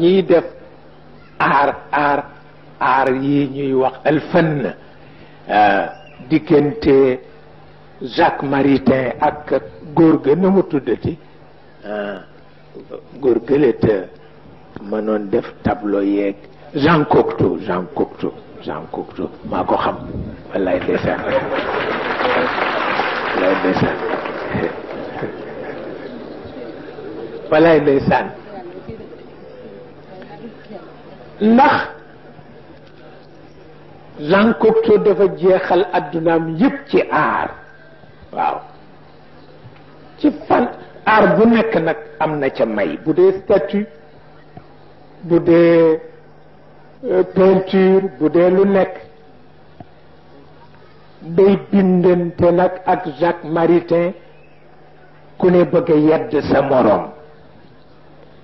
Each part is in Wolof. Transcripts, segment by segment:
ñiy def aar aar aar yi ñuy wax alfan euh, diggante Jacques Maritain ak góor ga na mu tuddati euh, góor gële te mënoon def tablo yeeg Jean Cocteau Jean Cocteau Jean Cocteau maa ko xam wallaay ndeysaan wallaay ndeysaan ndax Lancocteau dafa jeexal addunaam yépp ci aar waaw ci fan aar bu nekk nag am na ca may bu dee statue bu dee euh, peinture bu dee lu nekk day bindante nag ak Jacques Maritain ku ne bëgg a yedd sa moroom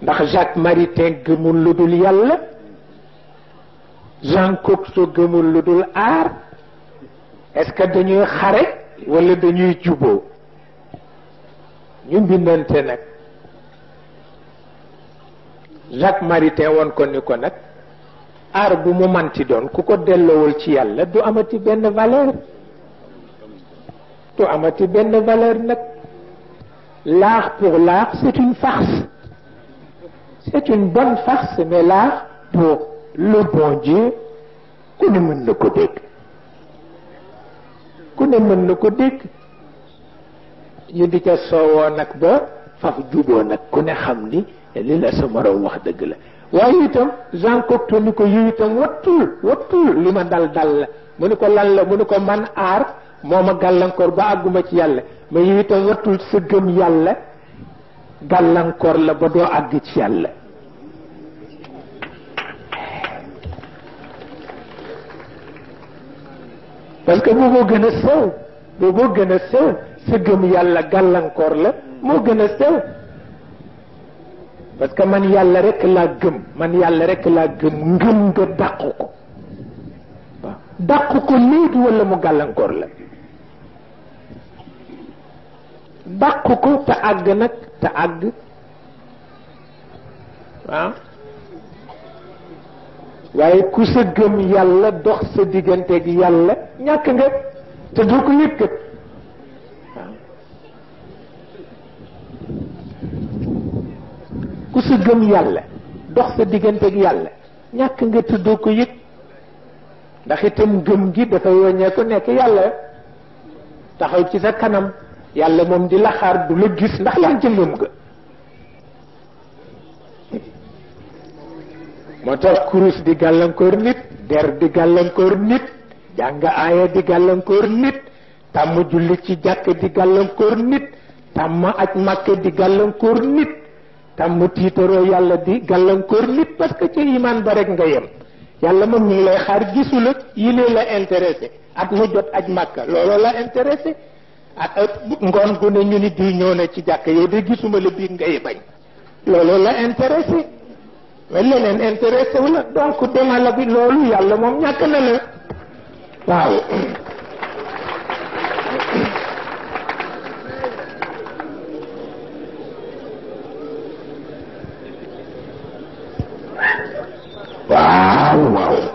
ndax Jacques Maritain gëmul lu dul yàlla Jean Cocteau gëmul lu dul est-ce que dañuy xare wala dañuy Nous ñu mbindante nag Jacques Maritain won ko ni ko nag aar bu mu manti doon ku ko delloowul ci yalla du amati ben valeur du amati ben valeur nak l'art pour l'art c'est une farce c'est une bonne farce mais l'art pour le bon Dieu ku ne mën na ko dégg ku ne mën na ko dégg ñu di ca soowoo nag ba faf juboo nag ku ne xam ni li la sa morom wax dëgg la waaye itam Jean Cocteau ni ko yow itam wattul wattul li ma dal dal la mu ni ko lan la mu ni ko man aar moo ma gàllankoor ba àgguma ci yàlla mais yow itam wattul sa gëm yàlla gàllankoor la ba doo àgg ci yàlla Parce que bu boo bu boo gën a sew sa yàlla gàllankoor la moo gën a sew parce que man yàlla rek laa gëm man yàlla rek laa gëm ngëm nga dàqu ko waaw dàqu ko léegi wala mu gàllankoor la dàqu ko te àgg nag te àgg waaw waaye ku sa gëm yàlla dox sa digganteeg yàlla ñàkk nga te ko yëg kat gëm yàlla dox sa digganteeg yàlla ñàkk nga te doo ndax itam gëm gi dafa yoññee ko nekk yàlla taxaw ci sa kanam yàlla moom di la xaar du la gis ndax yaa jëngam nga moo tax kurus di gàllankoor nit der di gàllankoor nit jàng aaya di gàllankoor nit tàmm julli ci jàkk di gàllankoor nit tàmm aj màkk di gàllankoor nit tàmm tiitaroo yàlla di gàllankoor nit parce que ci iman ba rek nga yem yàlla moom ñu ngi lay xaar gisu la yile la intéressé at mu jot aj màkka looloo la intéressé ak ngon gune ne ñu ni diw ñëw na ci jàkk yow de gisuma la biig ngay bañ looloo la intéressé leneen intéressé wu la donc demala bi loolu yàlla moom ñàkk na la waaw